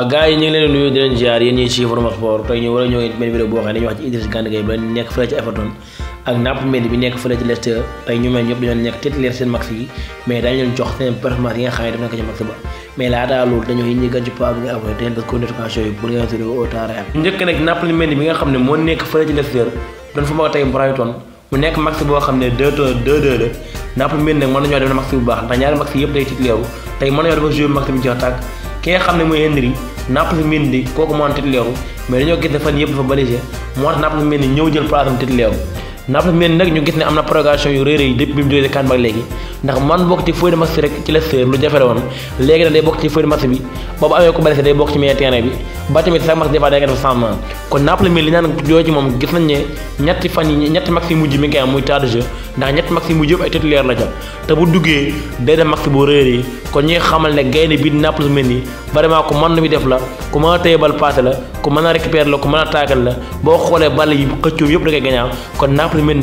Ah, gaa yi ñu ngi leen di nuyu di leen ziar yéen ñuy suivre Sport tey ñu war a xam ne dañuy wax ci mel ñëpp bi nekk fële ci Leicester tey Brighton nañoo def na match bu baax ndax ñaari match yëpp day titulaire tey mën nañoo dafa joué match bi jeex tàkk ki xam ne mooy Henry Nampalys Mendy kooku moo am titulaire mais dañoo gis ne fan yëpp dafa balisé moo tax Nampalys Mendy ñëw jël place am titulaire Nampalys Mendy nag ñu gis ne am na progression yu réeré yi depuis bi mu jógee kan ba léegi ndax man bokk ci feuille de match ci la séer lu jafe la woon léegi nag day bokk ci feuille de match bi boobu amee ko balisé day bokk ci milieu terrain bi ba tamit sa match des fois day def kon Napoli mel ni naan yooyu ci moom gis nañ ne ñetti fan yi ñetti maxi mujj mi ngay am muy tard jeu ndax ñetti maxi mujj yëpp ay titulaire la ca te bu duggé day dem maxi bu réer yi kon ñi xamal ne gayne bi Napoli mel ni vraiment ko man lu def la ko ma a téye bal paase la ko mën a récupérer la ko mën a taagal la bo xolé ball yi xëccu yëpp da ngay gañaaw kon Napoli mel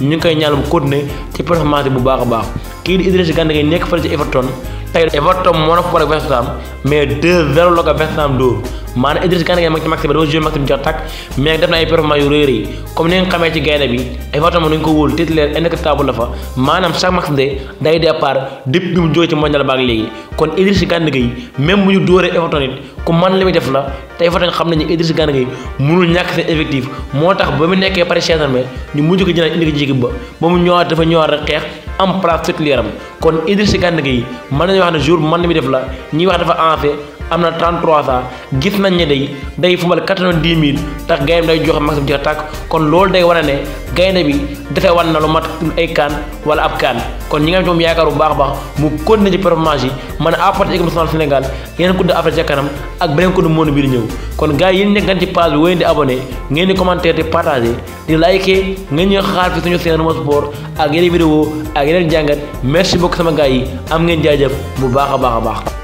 ni ñu ngi koy ñaanal mu continuer ci performance bu baax baax ki di idriss Gana ngay nekk fa ci Everton tay Everton mo na ko war a West Ham mais 2-0 lo ko West Ham dóor man Idriss Gana Gueye ma ba do joué max bi jot tak mais def na ay performance yu rëy comme ni nga xamé ci gayna bi ay photo mo nañ ko wul wóolu titulaire indécrottable la fa manam chaque match de day départ dip bi mu joy ci mondial baak léegi kon Idriss Gana gay même bu ñu ay photo nit ku man limi def la tay photo nga xam ni Idriss Gana Gueye mënul ñak seen effectif motax ba mu nekké Paris Saint-Germain ñu mujj ko jëna indi ko jigi ba ba mu ñëwaat dafa ñëwaat rek xex am place titulaire am kon Idriss Gana gay man nañu wax na jour man limi def la ñi wax dafa enfe amna 33 ans gis nañ ne day day fubal 90000 tax gayam day joxe maximum ci attaque kon loolu day wone ne gaynde bi defé wan na lu mat ay kan wala ab kan kon ñi nga xam ne baax baax mu continuer ci performance yi man a apporter équipe nationale Sénégal yeen ko coupe affaire ci kanam ak benen ko du monde bi ñew kon gaay yi yéen nekk ci page wayen di abonné ngeen di commenter di partager di liker ngeen ñu xaar fi suñu sénégal mo Sport ak yeneen vidéo ak yeneen jangat merci beaucoup sama gaay yi am ngeen jaajëf bu baaxa baaxa baax baax